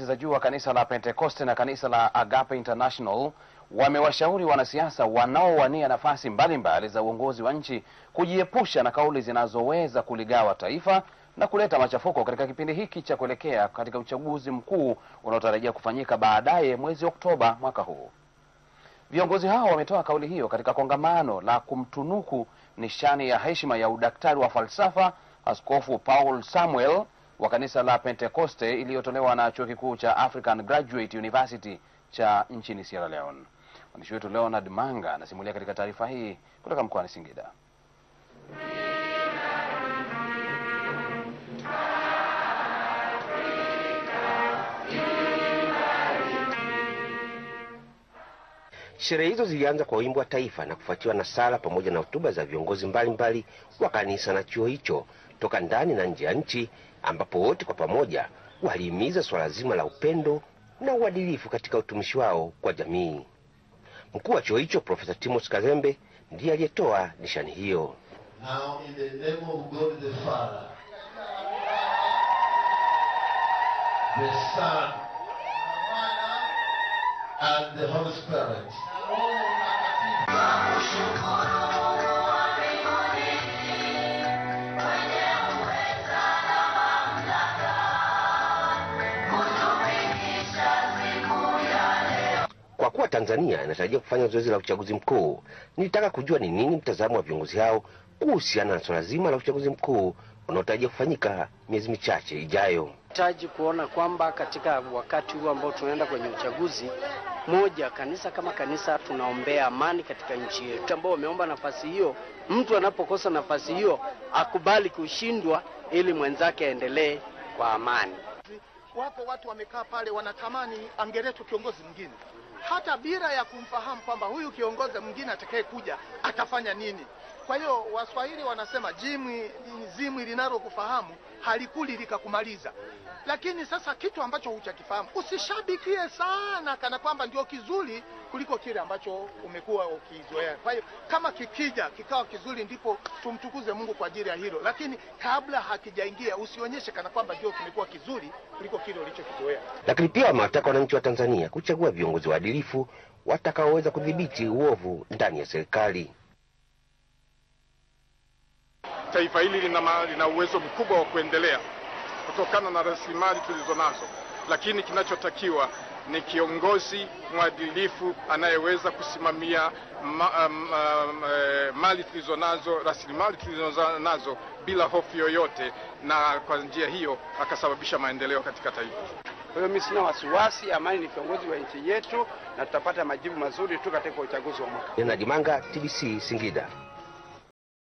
ngazi za juu wa kanisa la Pentekoste na kanisa la Agape International wamewashauri wanasiasa wanaowania nafasi mbalimbali za uongozi wa nchi kujiepusha na kauli zinazoweza kuligawa taifa na kuleta machafuko katika kipindi hiki cha kuelekea katika uchaguzi mkuu unaotarajia kufanyika baadaye mwezi Oktoba mwaka huu. Viongozi hao wametoa kauli hiyo katika kongamano la kumtunuku nishani ya heshima ya udaktari wa falsafa Askofu Paul Samuel wa kanisa la Pentekoste iliyotolewa na chuo kikuu cha African Graduate University cha nchini Sierra Leone. Mwandishi wetu Leonard Manga anasimulia katika taarifa hii kutoka mkoani Singida. Sherehe hizo zilianza kwa wimbo wa taifa na kufuatiwa na sala pamoja na hotuba za viongozi mbalimbali wa kanisa na chuo hicho toka ndani na nje ya nchi, ambapo wote kwa pamoja walihimiza swala zima la upendo na uadilifu katika utumishi wao kwa jamii. Mkuu wa chuo hicho Profesa Timos Kazembe ndiye aliyetoa nishani hiyo. Now in the name of God the Father, the Son, and the Holy Spirit. Kwa kuwa Tanzania inatarajia kufanya zoezi la uchaguzi mkuu, nilitaka kujua ni nini mtazamo wa viongozi hao kuhusiana na swala zima la uchaguzi mkuu unaotarajia kufanyika miezi michache ijayo tunahitaji kuona kwamba katika wakati huu ambao tunaenda kwenye uchaguzi, moja, kanisa kama kanisa tunaombea amani katika nchi yetu. Ambao wameomba nafasi hiyo, mtu anapokosa nafasi hiyo akubali kushindwa ili mwenzake aendelee kwa amani. Wapo watu wamekaa pale wanatamani angeletwe kiongozi mwingine hata bila ya kumfahamu kwamba huyu kiongozi mwingine atakayekuja atafanya nini. Kwa hiyo Waswahili wanasema jimwi zimwi linalokufahamu halikuli likakumaliza. Lakini sasa kitu ambacho huchakifahamu usishabikie sana, kana kwamba ndio kizuri kuliko kile ambacho umekuwa ukizoea. Kwa hiyo kama kikija kikawa kizuri, ndipo tumtukuze Mungu kwa ajili ya hilo, lakini kabla hakijaingia usionyeshe kana kwamba ndio kimekuwa kizuri kuliko kile ulichokizoea. Lakini pia wamewataka wananchi wa Tanzania kuchagua viongozi wa waadilifu watakaoweza kudhibiti uovu ndani ya serikali. Taifa hili lina, lina uwezo mkubwa wa kuendelea kutokana na rasilimali tulizo nazo, lakini kinachotakiwa ni kiongozi mwadilifu anayeweza kusimamia ma, um, um, e, mali tulizo nazo, rasilimali tulizo nazo bila hofu yoyote, na kwa njia hiyo akasababisha maendeleo katika taifa. Kwa hiyo mimi sina wasiwasi, Amani ni viongozi wa nchi yetu na tutapata majibu mazuri tu katika uchaguzi wa mwaka. najimanga TBC Singida.